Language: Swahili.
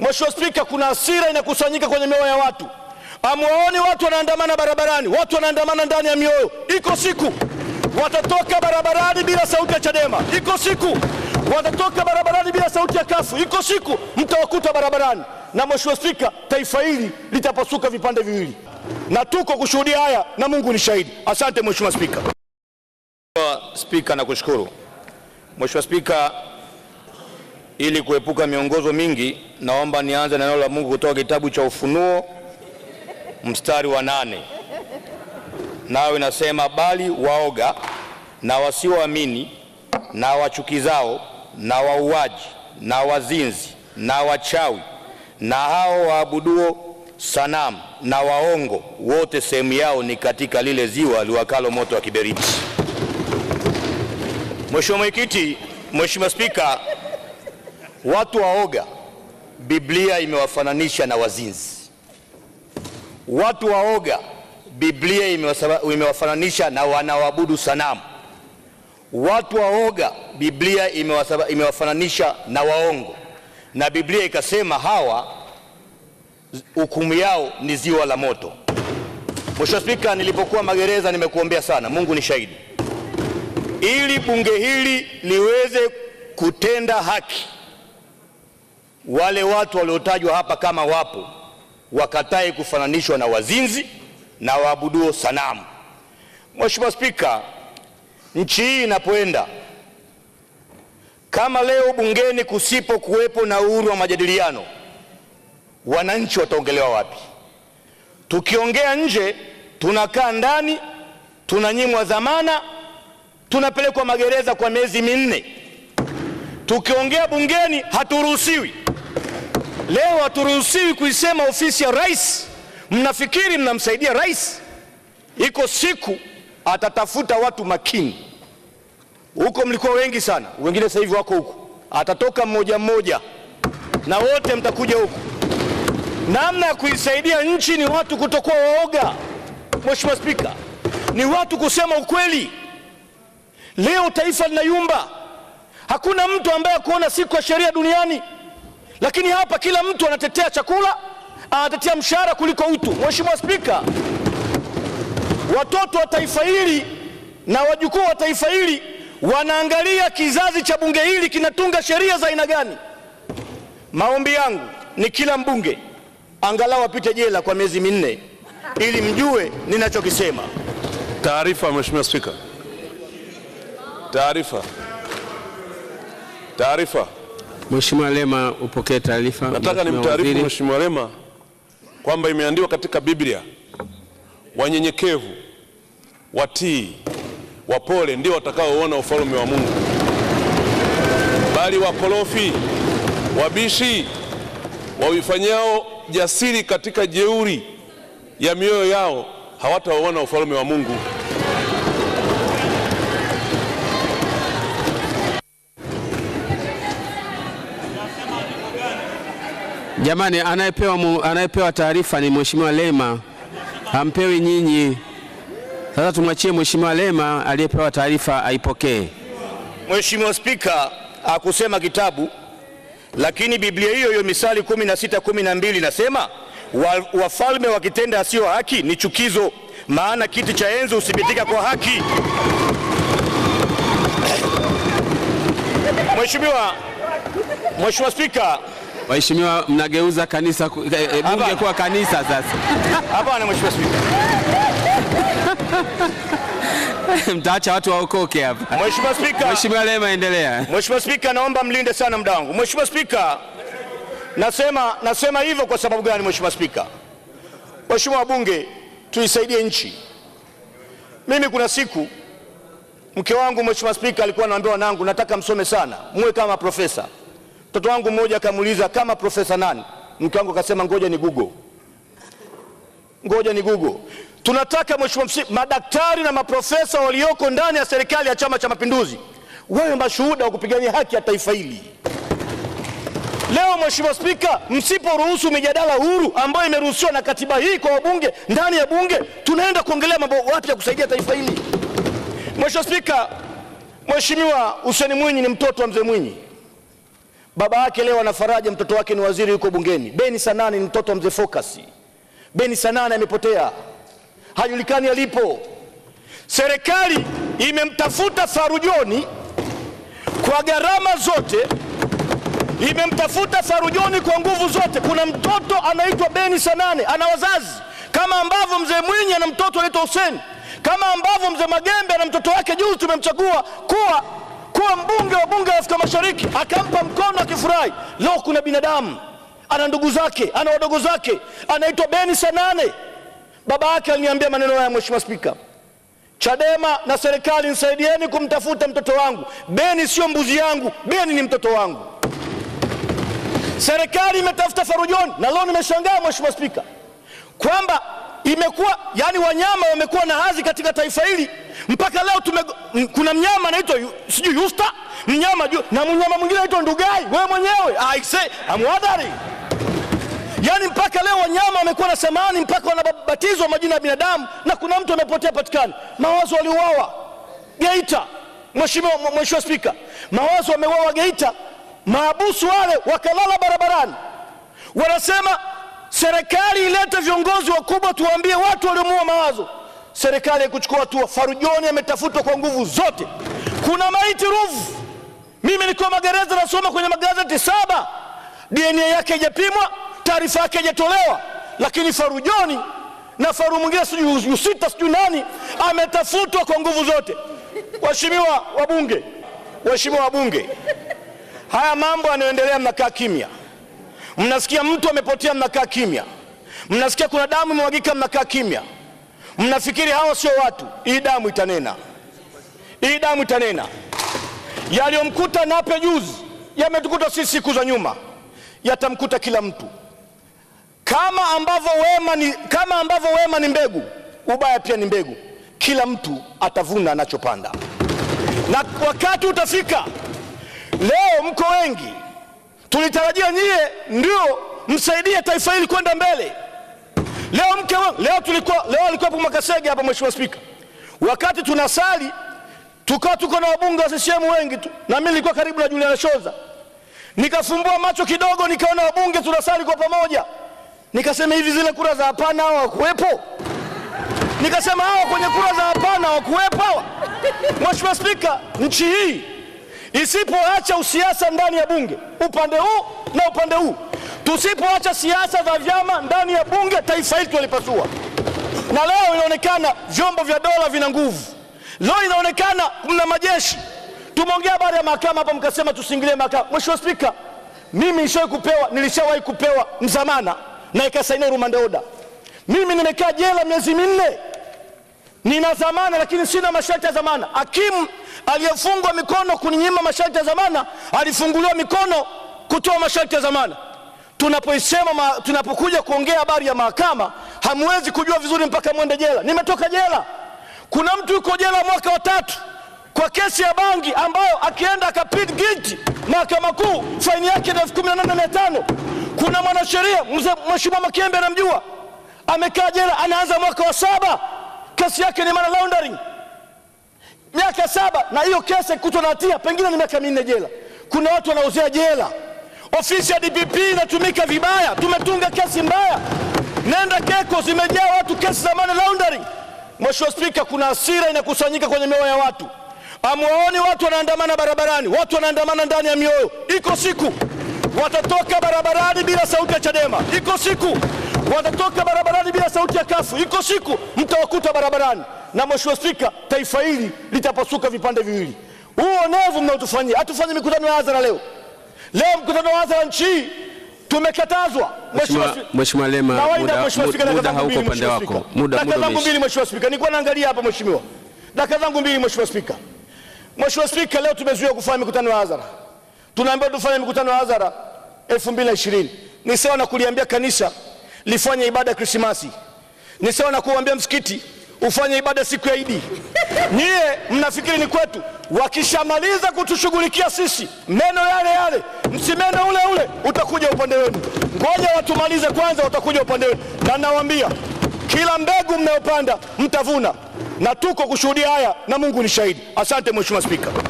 Mheshimiwa Spika, kuna hasira inakusanyika kwenye mioyo ya watu, amwaoni watu wanaandamana barabarani, watu wanaandamana ndani ya mioyo. Iko siku watatoka barabarani bila sauti ya Chadema, iko siku watatoka barabarani bila sauti ya Kafu, iko siku mtawakuta barabarani. Na Mheshimiwa Spika, taifa hili litapasuka vipande viwili, na tuko kushuhudia haya na Mungu ni shahidi. Asante Mheshimiwa Spika. Spika, nakushukuru Mheshimiwa Spika. Ili kuepuka miongozo mingi, naomba nianze na neno la Mungu kutoka kitabu cha Ufunuo mstari wa nane, nayo inasema bali waoga na wasioamini na wachukizao na wauaji na wazinzi na wachawi na hao waabuduo sanamu na waongo wote sehemu yao ni katika lile ziwa liwakalo moto wa kiberiti. Mheshimiwa Mwenyekiti, mweshimua Spika, Watu waoga Biblia imewafananisha na wazinzi. Watu waoga Biblia imewafananisha na wanaoabudu sanamu. Watu waoga Biblia imewafananisha na waongo, na Biblia ikasema hawa hukumu yao ni ziwa la moto. Mheshimiwa Spika, nilipokuwa magereza nimekuombea sana, Mungu ni shahidi, ili bunge hili liweze kutenda haki wale watu waliotajwa hapa kama wapo wakatae kufananishwa na wazinzi na waabuduo sanamu. Mheshimiwa Spika, nchi hii inapoenda kama leo bungeni kusipo kuwepo na uhuru wa majadiliano, wananchi wataongelewa wapi? Tukiongea nje, tunakaa ndani, tunanyimwa dhamana, tunapelekwa magereza kwa miezi minne. Tukiongea bungeni haturuhusiwi. Leo haturuhusiwi kuisema ofisi ya rais. Mnafikiri mnamsaidia rais? Iko siku atatafuta watu makini. Huko mlikuwa wengi sana, wengine sasa hivi wako huko, atatoka mmoja mmoja na wote mtakuja huko. Namna ya kuisaidia nchi ni watu kutokuwa waoga, mweshimua Spika, ni watu kusema ukweli. Leo taifa linayumba, hakuna mtu ambaye akuona siku ya sheria duniani lakini hapa kila mtu anatetea chakula, anatetea mshahara kuliko utu. Mheshimiwa Spika, watoto wa taifa hili na wajukuu wa taifa hili wanaangalia kizazi cha bunge hili kinatunga sheria za aina gani. Maombi yangu ni kila mbunge angalau apite jela kwa miezi minne ili mjue ninachokisema. Taarifa. Mheshimiwa Spika, taarifa. Taarifa. Mheshimiwa Lema upokee taarifa. Nataka nimtaarifu Mheshimiwa Lema kwamba imeandikwa katika Biblia, wanyenyekevu, watii, wapole ndio watakaoona ufalme wa Mungu, bali wakorofi, wabishi, wawifanyao jasiri katika jeuri ya mioyo yao hawataona ufalme wa Mungu. Jamani, anayepewa anayepewa taarifa ni Mheshimiwa Lema, hampewi nyinyi. Sasa tumwachie Mheshimiwa Lema aliyepewa taarifa aipokee. Mheshimiwa Spika akusema kitabu, lakini Biblia hiyo hiyo Misali kumi na sita kumi na mbili inasema wafalme wakitenda asiyo haki ni chukizo, maana kiti cha enzi husibitika kwa haki. Mheshimiwa Mheshimiwa Spika, Waheshimiwa, mnageuza kanisa e, bunge kuwa kanisa sasa. Hapana mheshimiwa spika. Mtaacha watu waokoke hapa. Mheshimiwa spika. Mheshimiwa Lema, endelea. Mheshimiwa spika, naomba mlinde sana muda wangu. Mheshimiwa spika, nasema nasema hivyo kwa sababu gani? Mheshimiwa spika, waheshimiwa wabunge, tuisaidie nchi. Mimi kuna siku mke wangu mheshimiwa spika alikuwa anaambia wanangu, nataka msome sana muwe kama profesa Mtoto wangu mmoja akamuuliza kama profesa nani, mke wangu akasema ngoja ni Google, ngoja ni Google. Tunataka mheshimiwa, madaktari na maprofesa walioko ndani ya serikali ya Chama cha Mapinduzi wawe mashuhuda wa kupigania haki ya taifa hili. Leo Mheshimiwa Spika, msiporuhusu mijadala huru ambayo imeruhusiwa na katiba hii kwa wabunge ndani ya bunge, tunaenda kuongelea mambo wapi ya kusaidia taifa hili. Mheshimiwa Spika, Mheshimiwa huseni Mwinyi ni mtoto wa Mzee Mwinyi. Baba yake leo ana faraja, mtoto wake ni waziri, yuko bungeni. Beni Sanani ni mtoto wa mzee Focus. Beni Sanani amepotea, hajulikani alipo. Serikali imemtafuta Farujoni kwa gharama zote, imemtafuta Farujoni kwa nguvu zote. Kuna mtoto anaitwa Beni Sanane, ana wazazi kama ambavyo mzee Mwinyi ana mtoto anaitwa Hussein, kama ambavyo mzee Magembe ana mtoto wake juzi tumemchagua kuwa alikuwa mbunge wa bunge la Afrika Mashariki akampa mkono akifurahi. Leo kuna binadamu ana ndugu zake ana wadogo zake, anaitwa Beni Sanane. Baba yake aliniambia maneno haya, Mheshimiwa Spika, Chadema na serikali nisaidieni kumtafuta mtoto wangu. Beni sio mbuzi yangu, Beni ni mtoto wangu. Serikali imetafuta Farujoni, na leo nimeshangaa Mheshimiwa Spika kwamba imekuwa yani, wanyama wamekuwa na hadhi katika taifa hili mpaka leo tume, kuna mnyama anaitwa sijui yusta mnyama juu na mnyama mwingine anaitwa ndugai, wewe mwenyewe ah, I say I'm wadari Yani mpaka leo wanyama wamekuwa na samani mpaka wanabatizwa majina ya binadamu, na kuna mtu amepotea patikani. Mawazo waliuawa Geita, mheshimiwa mheshimiwa Spika, mawazo wameuawa Geita, maabusu wale wakalala barabarani, wanasema serikali ilete viongozi wakubwa, tuwaambie watu waliomua Mawazo. Serikali haikuchukua hatua. Farujoni ametafutwa kwa nguvu zote, kuna maiti Ruvu. Mimi nilikuwa magereza, nasoma kwenye magazeti saba, DNA yake haijapimwa, taarifa yake haijatolewa, lakini Farujoni na faru mwingine sijui sita sijui nani ametafutwa kwa nguvu zote. Waheshimiwa wabunge, waheshimiwa wabunge, haya mambo yanayoendelea mnakaa kimya. Mnasikia mtu amepotea, mnakaa kimya. Mnasikia kuna damu imemwagika, mnakaa kimya. Mnafikiri hawa sio watu. Hii damu itanena, hii damu itanena. Yaliyomkuta Nape juzi yametukuta sisi siku za nyuma, yatamkuta kila mtu. Kama ambavyo wema ni, kama ambavyo wema ni mbegu, ubaya pia ni mbegu. Kila mtu atavuna anachopanda, na wakati utafika. Leo mko wengi tulitarajia nyie ndio msaidie taifa hili kwenda mbele. Leo mke leo tulikuwa leo alikuwa hapo Makasege hapa, Mheshimiwa Spika, wakati tunasali tukawa tuko na wabunge wa CCM wengi tu, na mimi nilikuwa karibu na Juliana Shoza, nikafumbua macho kidogo, nikaona wabunge tunasali kwa pamoja, nikasema hivi, zile kura za hapana hao hawakuwepo? Nikasema hawa kwenye kura za hapana hawakuwepo hawa. Mheshimiwa Spika, nchi hii isipoacha usiasa ndani ya bunge upande huu na upande huu, tusipoacha siasa za vyama ndani ya bunge, taifa hili tulipasua. Na leo inaonekana vyombo vya dola vina nguvu, leo inaonekana mna majeshi. Tumeongea baada ya mahakama hapa, mkasema tusiingilie mahakama. Mheshimiwa Spika, mimi nishawahi kupewa, nilishawahi kupewa mzamana na ikasainiwa rumande oda. Mimi nimekaa jela miezi minne nina zamana lakini sina masharti ya zamana Hakimu aliyefungwa mikono kuninyima masharti ya zamana alifunguliwa mikono kutoa masharti ya zamana Tunapoisema, tunapokuja kuongea habari ya mahakama, hamwezi kujua vizuri mpaka mwende jela. Nimetoka jela, kuna mtu yuko jela mwaka wa tatu kwa kesi ya bangi ambayo akienda akapid giti mahakama kuu faini yake ni elfu kumi na nane mia tano. Kuna mwanasheria mweshimua Makembe anamjua, amekaa jela, anaanza mwaka wa saba kesi yake ni money laundering, miaka saba, na hiyo kesi kutwa na hatia pengine ni miaka minne jela. Kuna watu wanauzia jela. Ofisi ya DPP inatumika vibaya, tumetunga kesi mbaya. Nenda Keko, zimejaa watu kesi za money laundering. Mheshimiwa Spika, kuna asira inakusanyika kwenye mioyo ya watu. Amwaoni watu wanaandamana barabarani, watu wanaandamana ndani ya mioyo. Iko siku watatoka barabarani bila sauti ya Chadema. Iko siku wanatoka barabarani bila sauti ya kafu. Iko siku mtawakuta barabarani, na Mheshimiwa Spika, taifa hili litapasuka vipande viwili. Huo onevu mnaotufanyia, hatufanye mikutano ya hadhara leo. Leo mkutano wa hadhara nchi hii tumekatazwa. Mheshimiwa Lema, muda hauko upande wako. Dakika zangu mbili, Mheshimiwa Spika, nilikuwa naangalia hapa Mheshimiwa, dakika zangu mbili, Mheshimiwa Spika. Mheshimiwa Spika, leo tumezuia kufanya mikutano ya hadhara, tunaambiwa tufanye mikutano ya hadhara 2020 ni sawa na kuliambia kanisa lifanye ibada ya Krismasi. Ni sawa na kuambia msikiti ufanye ibada siku ya Idi. Nyie mnafikiri ni kwetu? Wakishamaliza kutushughulikia sisi, meno yale yale, msimeno ule ule utakuja upande wenu. Ngoja watumalize kwanza, watakuja upande wenu. Na nawaambia kila mbegu mnayopanda mtavuna, na tuko kushuhudia haya, na Mungu ni shahidi. Asante Mheshimiwa Spika.